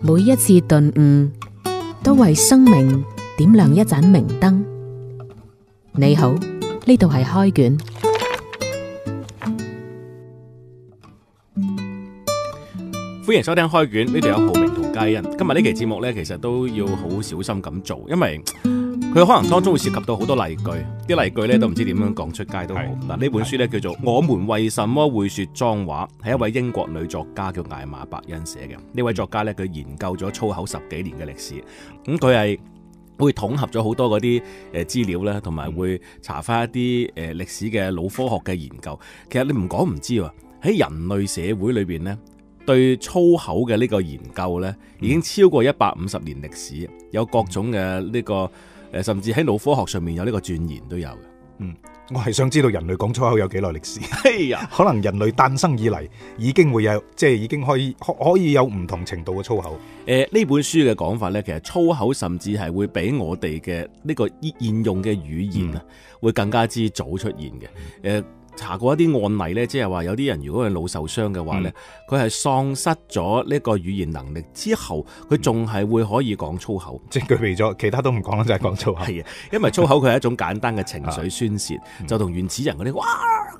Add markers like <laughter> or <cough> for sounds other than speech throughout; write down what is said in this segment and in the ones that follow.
每一次頓悟，都為生命點亮一盞明燈。你好，呢度係開卷，歡迎收聽開卷。呢度有浩明同佳欣。今日呢期節目呢，其實都要好小心咁做，因為。佢可能當中會涉及到好多例句，啲例句咧都唔知點樣講出街都好嗱。呢是本書咧叫做《我們為什麼會說髒話》，係一位英國女作家叫艾瑪·伯恩寫嘅。呢、嗯、位作家咧，佢研究咗粗口十幾年嘅歷史，咁佢係會統合咗好多嗰啲誒資料啦，同埋會查翻一啲誒歷史嘅腦科學嘅研究。其實你唔講唔知喎，喺人類社會裏邊咧，對粗口嘅呢個研究咧，已經超過一百五十年歷史，有各種嘅呢、這個。誒，甚至喺腦科學上面有呢個傳言都有嘅。嗯，我係想知道人類講粗口有幾耐歷史？哎呀，可能人類誕生以嚟已經會有，即、就、係、是、已經可以可可以有唔同程度嘅粗口。誒、嗯，呢本書嘅講法咧，其實粗口甚至係會比我哋嘅呢個現用嘅語言啊，會更加之早出現嘅。誒、嗯。嗯查過一啲案例咧，即係話有啲人如果佢腦受傷嘅話咧，佢係、嗯、喪失咗呢個語言能力之後，佢仲係會可以講粗口。即係佢為咗其他都唔講，就係、是、講粗口。係啊、嗯，因為粗口佢係一種簡單嘅情緒宣泄，嗯、就同原始人嗰啲哇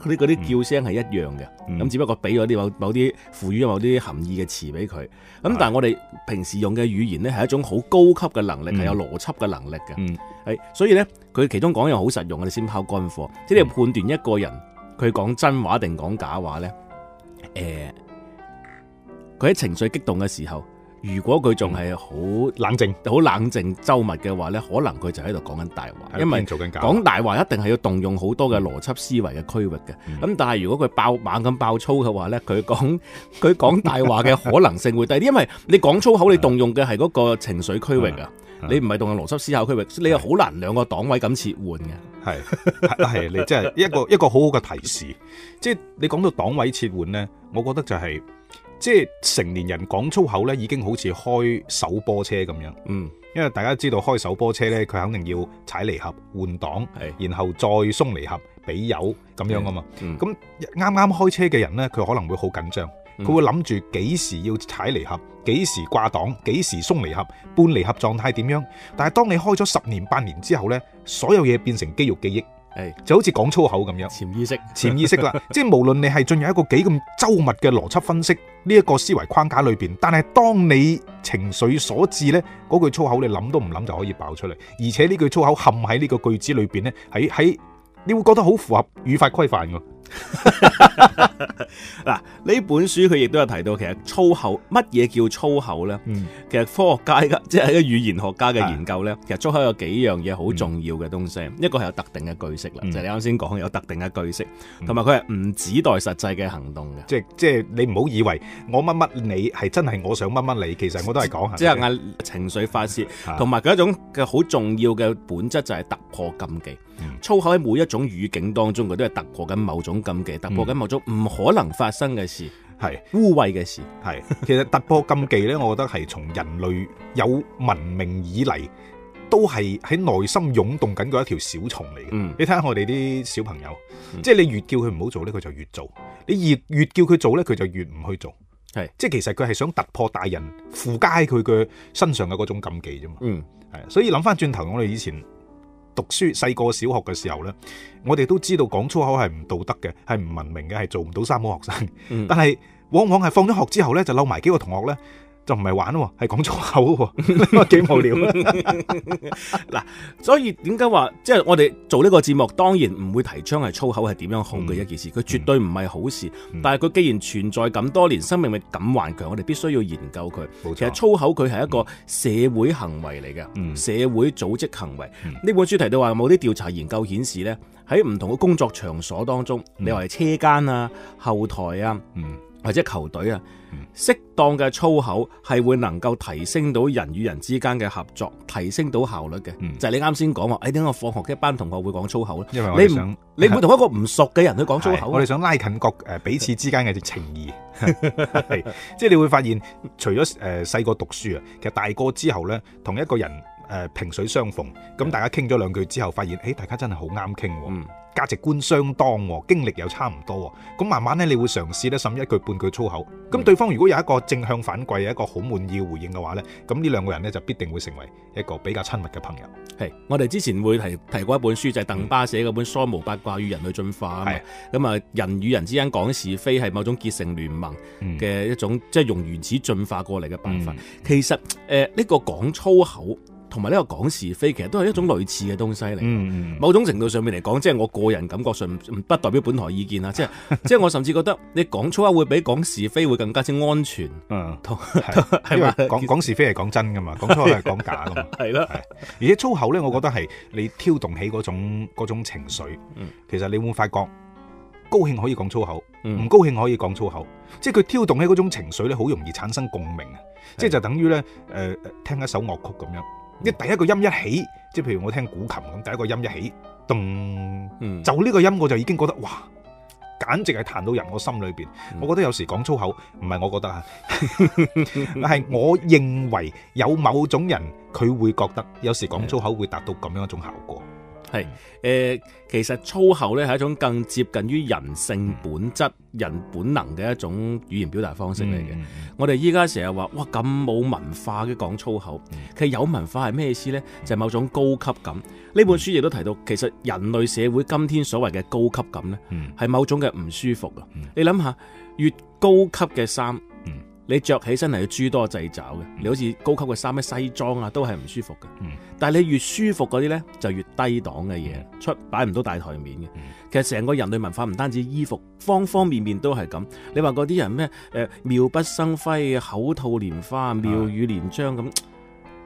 嗰啲啲叫聲係一樣嘅。咁、嗯、只不過俾咗啲某某啲賦予某啲含義嘅詞俾佢。咁、嗯、但係我哋平時用嘅語言咧係一種好高級嘅能力，係、嗯、有邏輯嘅能力嘅。係、嗯嗯，所以咧佢其中講一樣好實用，我哋先拋乾貨，即、就、係、是、你判斷一個人。佢講真話定講假話咧？誒、欸，佢喺情緒激動嘅時候。如果佢仲係好冷靜、好冷靜、周密嘅話呢可能佢就喺度講緊大話，因為講大話一定係要動用好多嘅邏輯思維嘅區域嘅。咁但係如果佢爆猛咁爆粗嘅話呢佢講佢講大話嘅可能性會低啲， <laughs> 因為你講粗口，你動用嘅係嗰個情緒區域啊， <laughs> 你唔係動用邏輯思考區域，你又好難兩個檔位咁切換嘅。係係 <laughs> <laughs> <laughs> <laughs> 你真係一個一個好好嘅提示，即係你講到檔位切換呢，我覺得就係。即係成年人講粗口咧，已經好似開手波車咁樣。嗯，因為大家都知道開手波車咧，佢肯定要踩離合、換擋，是然後再鬆離合、俾油咁樣啊嘛。咁啱啱開車嘅人呢，佢可能會好緊張，佢會諗住幾時要踩離合、幾時掛檔、幾時鬆離合、半離合狀態點樣。但係當你開咗十年八年之後呢，所有嘢變成肌肉記憶。就好似講粗口咁樣，潛意識，潛意識啦， <laughs> 即係無論你係進入一個幾咁周密嘅邏輯分析呢一個思維框架裏邊，但係當你情緒所致呢句粗口你諗都唔諗就可以爆出嚟，而且呢句粗口陷喺呢個句子裏邊呢喺喺你會覺得好符合語法規範噶。嗱，呢 <laughs> 本書佢亦都有提到，其實粗口乜嘢叫粗口咧？嗯、其實科學家即係一個語言學家嘅研究咧，嗯、其實粗口有幾樣嘢好重要嘅東西，嗯、一個係有特定嘅句式啦，嗯、就係你啱先講有特定嘅句式，同埋佢係唔指代實際嘅行動嘅，即係即係你唔好以為我乜乜你係真係我想乜乜你，其實我都係講下，即係嗌情緒發泄，同埋佢一種嘅好重要嘅本質就係突破禁忌，嗯嗯、粗口喺每一種語境當中佢都係突破緊某某種。禁忌突破緊某種唔可能發生嘅事，係、嗯、污穢嘅事，係其實突破禁忌咧，我覺得係從人類有文明以嚟都係喺內心湧動緊嗰一條小蟲嚟嘅。嗯、你睇下我哋啲小朋友，嗯、即係你越叫佢唔好做咧，佢就越做；你越越叫佢做咧，佢就越唔去做。係是，即係其實佢係想突破大人附加喺佢嘅身上嘅嗰種禁忌啫嘛。嗯，係，所以諗返轉頭，我哋以前。讀書細個小，小學嘅時候呢，我哋都知道講粗口係唔道德嘅，係唔文明嘅，係做唔到三好學生。但係往往係放咗學之後呢，就漏埋幾個同學呢。就唔係玩喎，係講粗口喎，幾 <laughs> <laughs> 無聊。嗱， <laughs> <laughs> 所以點解話即係我哋做呢個節目，當然唔會提倡係粗口係點樣好嘅一件事，佢、嗯、絕對唔係好事。嗯、但係佢既然存在咁多年，生命力咁頑強，我哋必須要研究佢。錯其實粗口佢係一個社會行為嚟嘅，嗯、社會組織行為。呢、嗯嗯、本書提到話，有冇啲調查研究顯示呢？喺唔同嘅工作場所當中，你話係車間啊、後台啊。嗯嗯或者球隊啊，適當嘅粗口係會能夠提升到人與人之間嘅合作，提升到效率嘅。嗯、就係你啱先講話，誒點解我放學一班同學會講粗口咧？因為我哋你，不想你唔會同一個唔熟嘅人去講粗口、啊、我哋想拉近各誒、呃、彼此之間嘅情義。 <laughs> 即係你會發現，除咗誒、呃、細個讀書啊，其實大個之後咧，同一個人誒萍、呃、水相逢，咁大家傾咗兩句之後，發現誒、欸、大家真係好啱傾喎。嗯價值觀相當喎，經歷又差唔多喎，咁慢慢咧，你會嘗試咧，甚至一句半句粗口。咁、嗯、對方如果有一個正向反饋，有一個好滿意嘅回應嘅話咧，咁呢兩個人咧就必定會成為一個比較親密嘅朋友。係，我哋之前會提提過一本書，就係、是、鄧巴寫嗰本《梳毛八卦與人類進化》啊咁啊，是人與人之間講是非係某種結成聯盟嘅一種，嗯、即係用原始進化過嚟嘅辦法。嗯嗯嗯、其實誒，呢、呃這個講粗口。同埋呢個講是非，其實都係一種類似嘅東西嚟。某種程度上面嚟講，即係我個人感覺上不代表本台意見啦。即係即係，我甚至覺得你講粗口會比講是非會更加之安全。嗯，同係嘛，講講是非係講真噶嘛，講粗口係講假噶嘛，係。而且粗口呢，我覺得係你挑動起嗰種嗰種情緒。其實你會發覺高興可以講粗口，唔高興可以講粗口。即係佢挑動起嗰種情緒呢，好容易產生共鳴啊。即係就等於呢，誒誒，聽一首樂曲咁樣。啲第一個音一起，即係譬如我聽古琴咁，第一個音一起，咚，就呢個音我就已經覺得，哇，簡直係彈到入我心裏邊。我覺得有時講粗口，唔係我覺得啊，係 <laughs> 我，我認為有某種人佢會覺得，有時講粗口會達到咁樣一種效果。係誒、呃，其實粗口咧係一種更接近於人性本質、嗯、人本能嘅一種語言表達方式嚟嘅。嗯嗯、我哋依家成日話哇咁冇文化嘅講粗口，嗯、其實有文化係咩意思呢？嗯、就係某種高級感。呢、嗯、本書亦都提到，其實人類社會今天所謂嘅高級感咧，係、嗯、某種嘅唔舒服啊。你諗下，越高級嘅衫。你着起身係要諸多掣肘嘅，你好似高級嘅衫，咩西裝啊，都係唔舒服嘅。嗯、但係你越舒服嗰啲呢，就越低檔嘅嘢、嗯、出擺唔到大台面嘅。嗯、其實成個人類文化唔單止衣服，方方面面都係咁。你話嗰啲人咩誒、呃、妙不生輝、口吐蓮花、妙語連章咁、嗯，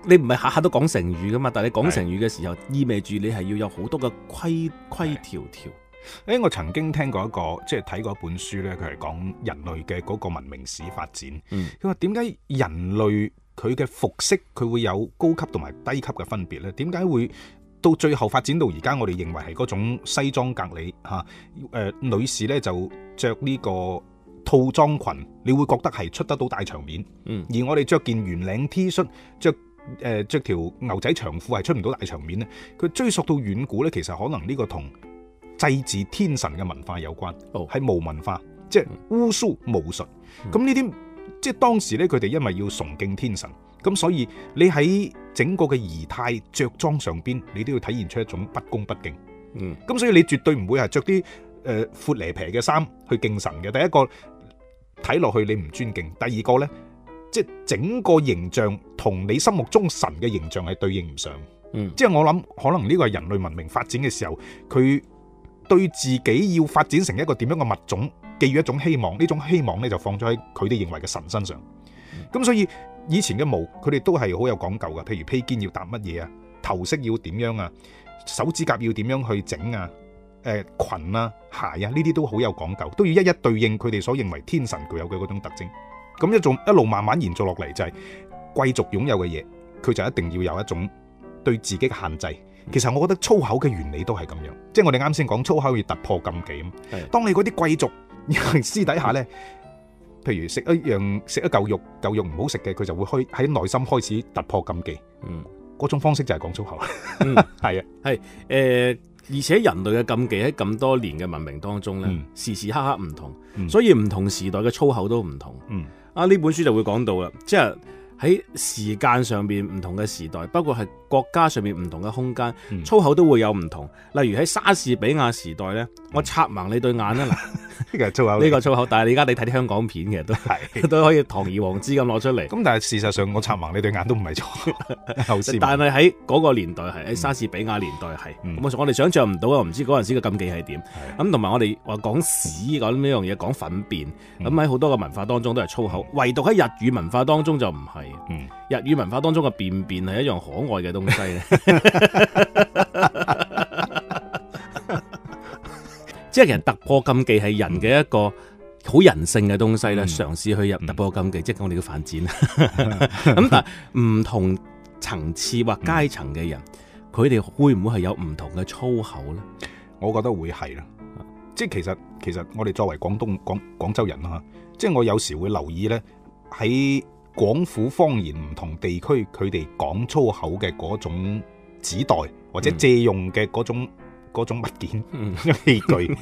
你唔係下下都講成語㗎嘛？但係你講成語嘅時候，意味住你係要有好多嘅規規條條。誒，我曾經聽過一個，即係睇過一本書咧，佢係講人類嘅嗰個文明史發展。嗯，佢話點解人類佢嘅服飾佢會有高級同埋低級嘅分別咧？點解會到最後發展到而家我哋認為係嗰種西裝革履吓？誒、呃，女士咧就着呢個套裝裙，你會覺得係出得到大場面。嗯，而我哋着件圓領 T 恤，着誒着條牛仔長褲係出唔到大場面啊？佢追溯到遠古咧，其實可能呢個同。祭祀天神嘅文化有關，喺巫、oh. 文化，即係巫蘇術、巫術咁呢啲，即係當時呢，佢哋因為要崇敬天神，咁所以你喺整個嘅儀態、着裝上邊，你都要體現出一種不恭不敬。咁、mm. 所以你絕對唔會係着啲誒闊離皮嘅衫去敬神嘅。第一個睇落去你唔尊敬，第二個呢，即係整個形象同你心目中神嘅形象係對應唔上。Mm. 即係我諗，可能呢個係人類文明發展嘅時候佢。對自己要發展成一個點樣嘅物種，寄予一種希望。呢種希望咧就放咗喺佢哋認為嘅神身上。咁所以以前嘅毛，佢哋都係好有講究嘅。譬如披肩要搭乜嘢啊，頭飾要點樣啊，手指甲要點樣去整啊，誒裙啊、鞋啊，呢啲都好有講究，都要一一對應佢哋所認為天神具有嘅嗰種特徵。咁一種一路慢慢延續落嚟、就是，就係貴族擁有嘅嘢，佢就一定要有一種對自己嘅限制。其實我覺得粗口嘅原理都係咁樣，即係我哋啱先講粗口要突破禁忌。的當你嗰啲貴族 <laughs> 私底下咧，譬如食一樣食一嚿肉，嚿肉唔好食嘅，佢就會開喺內心開始突破禁忌。嗰、嗯、種方式就係講粗口。係啊、嗯，係誒 <laughs> 的、呃，而且人類嘅禁忌喺咁多年嘅文明當中咧，嗯、時時刻刻唔同，嗯、所以唔同時代嘅粗口都唔同。嗯、啊，呢本書就會講到啦，即係。喺時間上面唔同嘅時代，不過係國家上面唔同嘅空間，嗯、粗口都會有唔同。例如喺莎士比亞時代呢、嗯、我插盲你對眼啦嗱。 <laughs> 呢個粗口，呢個粗口，但係你而家你睇啲香港片嘅都都可以堂而皇之咁攞出嚟。咁但係事實上，我插盲你對眼都唔係錯。但係喺嗰個年代係喺莎士比亞年代係，我哋想象唔到啊！唔知嗰陣時嘅禁忌係點。咁同埋我哋話講屎講呢樣嘢講糞便，咁喺好多嘅文化當中都係粗口，唯獨喺日語文化當中就唔係。日語文化當中嘅便便係一樣可愛嘅東西。即係人突破禁忌係人嘅一個好人性嘅東西啦，嘗試、嗯、去入突破禁忌，嗯、即係我哋嘅犯賤。咁 <laughs> 但係唔同層次或階層嘅人，佢哋、嗯、會唔會係有唔同嘅粗口咧？我覺得會係啦。即係其實其實我哋作為廣東廣廣州人啦，即係我有時會留意咧，喺廣府方言唔同地區，佢哋講粗口嘅嗰種指代或者借用嘅嗰種。嗯嗰種物件、器具，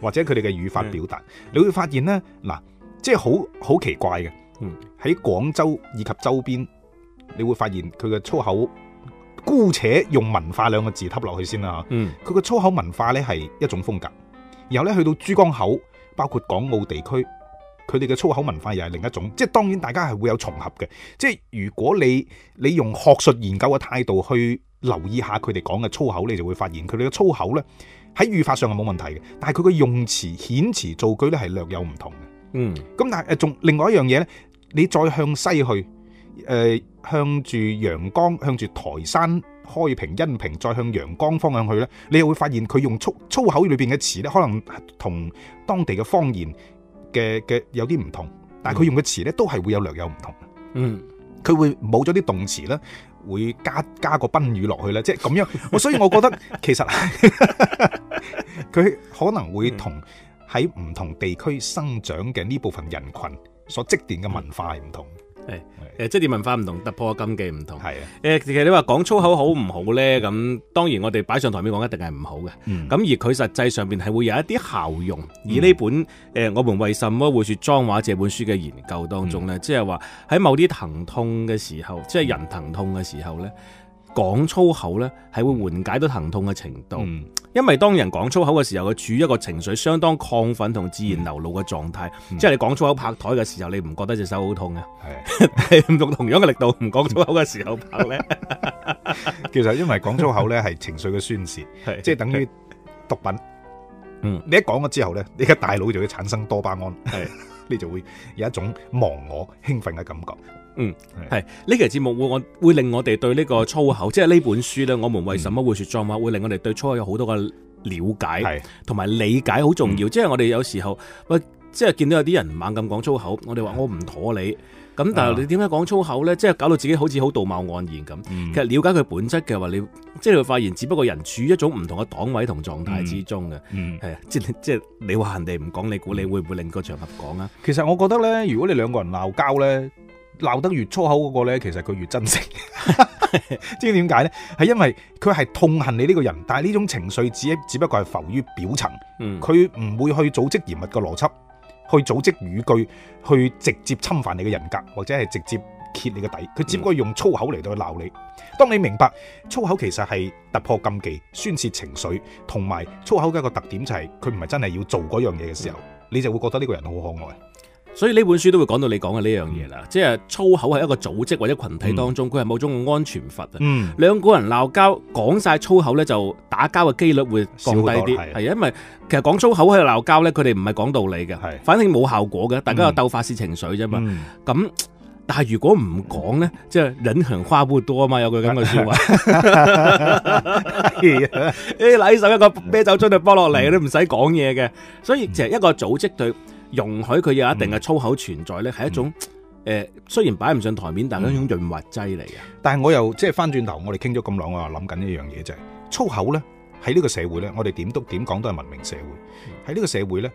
或者佢哋嘅語法表達，嗯、你會發現呢，嗱，即係好好奇怪嘅。喺廣州以及周邊，你會發現佢嘅粗口，姑且用文化兩個字吸落去先啦，佢嘅粗口文化呢係一種風格，然後呢，去到珠江口，包括港澳地區，佢哋嘅粗口文化又係另一種。即係當然，大家係會有重合嘅。即係如果你你用學術研究嘅態度去留意下佢哋講嘅粗口，你就會發現佢哋嘅粗口呢喺語法上係冇問題嘅，但係佢嘅用詞、遣詞造句呢係略有唔同嘅。嗯，咁但係仲另外一樣嘢呢，你再向西去，誒向住陽江、向住台山、開平、恩平，再向陽江方向去呢，你又會發現佢用粗粗口裏邊嘅詞呢，可能同當地嘅方言嘅嘅有啲唔同，但係佢用嘅詞呢，都係會有略有唔同。嗯，佢、嗯、會冇咗啲動詞啦。會加加個賓語落去啦，即係咁樣。我所以，我覺得其實佢 <laughs> <laughs> 可能會同喺唔同地區生長嘅呢部分人群所積澱嘅文化係唔同。誒誒，即係、呃、文化唔同，突破禁忌唔同，係啊的。誒、呃，其實你話講粗口好唔好咧？咁當然我哋擺上台面講一定係唔好嘅。咁、嗯、而佢實際上邊係會有一啲效用。而呢本誒、嗯呃，我們為什麼會說髒話？這本書嘅研究當中咧，即係話喺某啲疼痛嘅時候，嗯、即係人疼痛嘅時候咧。講粗口呢係會緩解到疼痛嘅程度，嗯、因為當人講粗口嘅時候，佢處於一個情緒相當亢奮同自然流露嘅狀態，嗯、即係你講粗口拍台嘅時候，你唔覺得隻手好痛呀，係用、嗯、同樣嘅力度，唔講粗口嘅時候拍呢？ <laughs> 其實因為講粗口呢係情緒嘅宣泄，即係 <laughs> 是等於毒品，嗯、你一講咗之後呢，你嘅大腦就會產生多巴胺，係。你就會有一種忘我興奮嘅感覺。嗯，係呢期節目會我會令我哋對呢個粗口，嗯、即係呢本書咧，我們為什麼會說髒話，嗯、會令我哋對粗口有好多嘅了解，係，同埋理解好重要。嗯、即係我哋有時候，即係見到有啲人猛咁講粗口，我哋話我唔妥你。咁但係你點解講粗口呢？即係搞到自己好似好道貌岸然咁。嗯、其實了解佢本質嘅話，就是、你即係發現，只不過人處於一種唔同嘅檔位同狀態之中嘅、嗯嗯。即係係你話人哋唔講，你估你會唔會另個場合講啊？其實我覺得呢，如果你兩個人鬧交呢，鬧得越粗口嗰個咧，其實佢越珍惜。 <laughs> <laughs> 知唔知點解呢？係因為佢係痛恨你呢個人，但係呢種情緒只只不過係浮於表層。佢唔會去組織嚴密嘅邏輯。去組織語句，去直接侵犯你嘅人格，或者係直接揭你嘅底。佢只不過用粗口嚟到去鬧你。當你明白粗口其實係突破禁忌、宣泄情緒，同埋粗口嘅一個特點就係佢唔係真係要做嗰樣嘢嘅時候，你就會覺得呢個人好可愛。所以呢本書都會講到你講嘅呢樣嘢啦，即係粗口係一個組織或者群體當中，佢係某種嘅安全閥啊。嗯、兩個人鬧交講晒粗口咧，就打交嘅機率會降低啲，係因為其實講粗口喺度鬧交咧，佢哋唔係講道理嘅，的反正冇效果嘅，大家有鬥法係情緒啫嘛。咁、嗯、但係如果唔講咧，即係人行花會多啊嘛，有句咁嘅説話。誒、 <laughs> <laughs> <laughs> <laughs> 哎，拿起手一個啤酒樽就幫落嚟，你唔使講嘢嘅。所以其實一個組織對。容許佢有一定嘅粗口存在呢係、嗯、一種誒，嗯、雖然擺唔上台面，嗯、但係一種潤滑劑嚟嘅。但係我又即係翻轉頭，我哋傾咗咁耐，我諗緊一樣嘢就係、是、粗口呢喺呢個社會呢我哋點都點講都係文明社會。喺呢、嗯、個社會呢，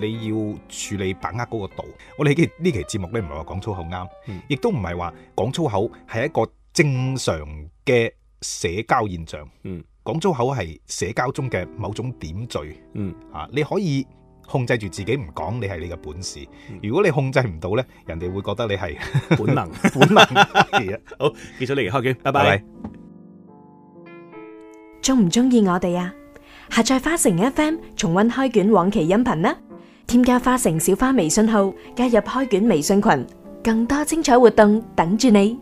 你要處理把握嗰個度。我哋呢期節目呢，唔係話講粗口啱，亦都唔係話講粗口係一個正常嘅社交現象。嗯，嗯講粗口係社交中嘅某種點綴。嗯，嗯啊，你可以。控制住自己唔講，你係你嘅本事。如果你控制唔到呢，人哋會覺得你係本能，本能嚟嘅。好，結束呢期開卷，拜拜。中唔中意我哋啊？下載花城 FM 重溫開卷往期音頻啦！添加花城小花微信號，加入開卷微信群，更多精彩活動等住你。